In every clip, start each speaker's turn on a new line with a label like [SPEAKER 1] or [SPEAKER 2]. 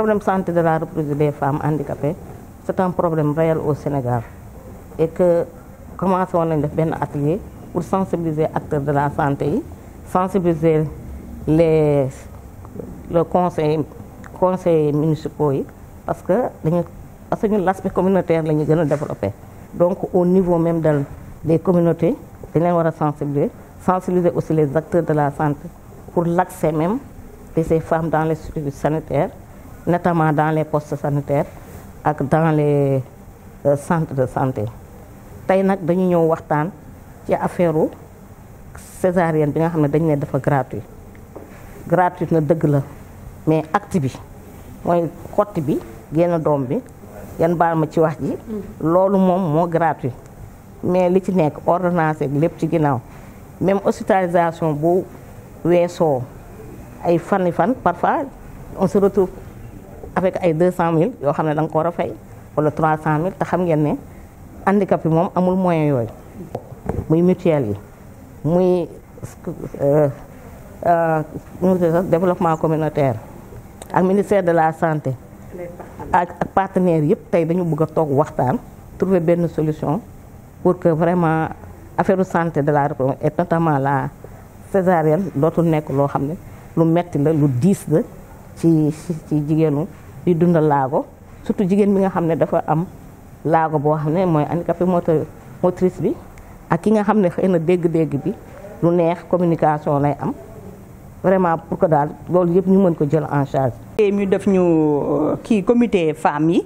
[SPEAKER 1] problème santé de la reprise des femmes handicapées c' est un problème réel au Sénégal et que commencé woon nañ def benn atelier pour sensibiliser acteurs de la santé yi sensibiliser les le conseil conseils municipaux yi parce que dañu parce que ñun l' communautaire la ñu gën a développé donc au niveau même de des communautés dañ leen war a sensibiliser sensibiliser aussi les acteurs de la santé pour l' accès même de ces femmes dans les structures sanitaires notamment dans le postes sanitaires ak dans le euh, centres de santé tey nag dañu ñëw waxtaan ci affaire césarienne bi nga xam ne dañ ne dafa gratuit gratuit na dëgg la mais acte mooy xotti bi génn doom bi yan baal ma ci wax ji loolu moom moo gratuit mais li ci nekk ordonnance ak lépp ci ginnaaw même hospitalisation bu weesoo ay fani fan parfois on se retrouve avec ay 200000 yoo xam ne da ko war a fay wala 300000 te xam ngeen ne handicap yi moom amul moyen yooyu. muy mutuelle yi muy euh, euh, euh, développement communautaire ak ministère de la santé. ak partenaires yëpp tey dañu bëgg a toog waxtaan. trouver benn solution pour que vraiment affaire santé de la reproduction et notamment la césarienne dootul nekk loo xam ne lu metti la lu diis la ci ci jigéenu. di dundal laago surtout jigéen bi nga xam ne dafa am laago boo xam ne mooy handicapé moteur motrice bi ak ki nga xam ne xëy na dégg-dégg bi lu neex communication lay am vraiment pour ko daal loolu yëpp ñu mën ko jël en charge.
[SPEAKER 2] ñu def ñu euh, kii comité femmes yi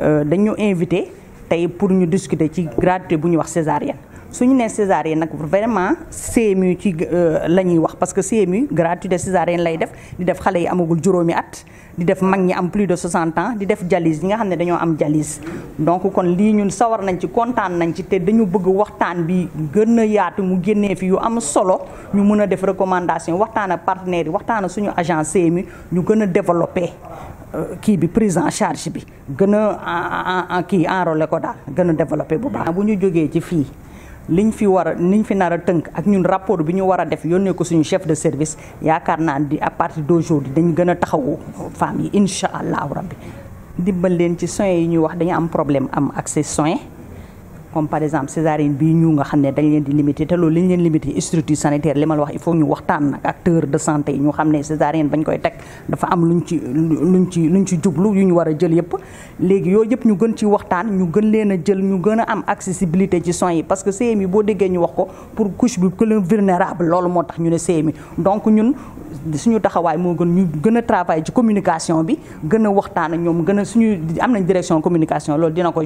[SPEAKER 2] euh, dañu invité tey pour ñu discuter ci gratuité bu ñu wax césarienne. suñu nee césarienne nag vraiment CMU ci euh, la ñuy wax parce que CMU gratuité césarienne lay def di def xale yi amagul juróomi at di def mag ñi am plus de 60 ans di def dialyse ñi nga xam ne dañoo am jalis donc kon lii ñun sawar nañ ci kontaan nañ ci te dañu bëgg waxtaan bi gën a yaatu mu génnee fi yu am solo ñu mën a def recommandation waxtaan ak partenaires yi waxtaan ak suñu agent CMU ñu gën a développé euh, kii bi prise en charge bi gën a kii enrôlé ko daal gën a développé bu baax bu ñu jógee ci fii li ñu fi war a ñu fi nar a tënk ak ñun rapport bi ñu war a def yónnee ko suñu chef de service yaakaar naa di à partir d'aujourd'hui dañ gën a taxawu femmes yi incha allahu rabbi dimbal leen ci soins yi ñuy wax dañu am problème am accès soins comme par exemple césarienne bii ñu nga xam ne dañ leen di limité te loolu li ñu leen limité structure sanitaire li ma la wax il faut ñu waxtaan nag acteur de santé yi ñu xam ne césarienne bañ koy teg dafa am luñ ci luñ ci ci jublu yu ñu war a jël yëpp léegi yooyu yëpp ñu gën ci waxtaan ñu gën leen a jël ñu gën a am accessibilité ci soins yi parce que CMI boo déggee ñu wax ko pour couche bi que le vulnérable loolu moo tax ñu ne CMI donc ñun suñu taxawaay moo gën ñu gën a travail communication bi gën a waxtaan ak ñoom gën a suñu nañ direction communication loolu dina ko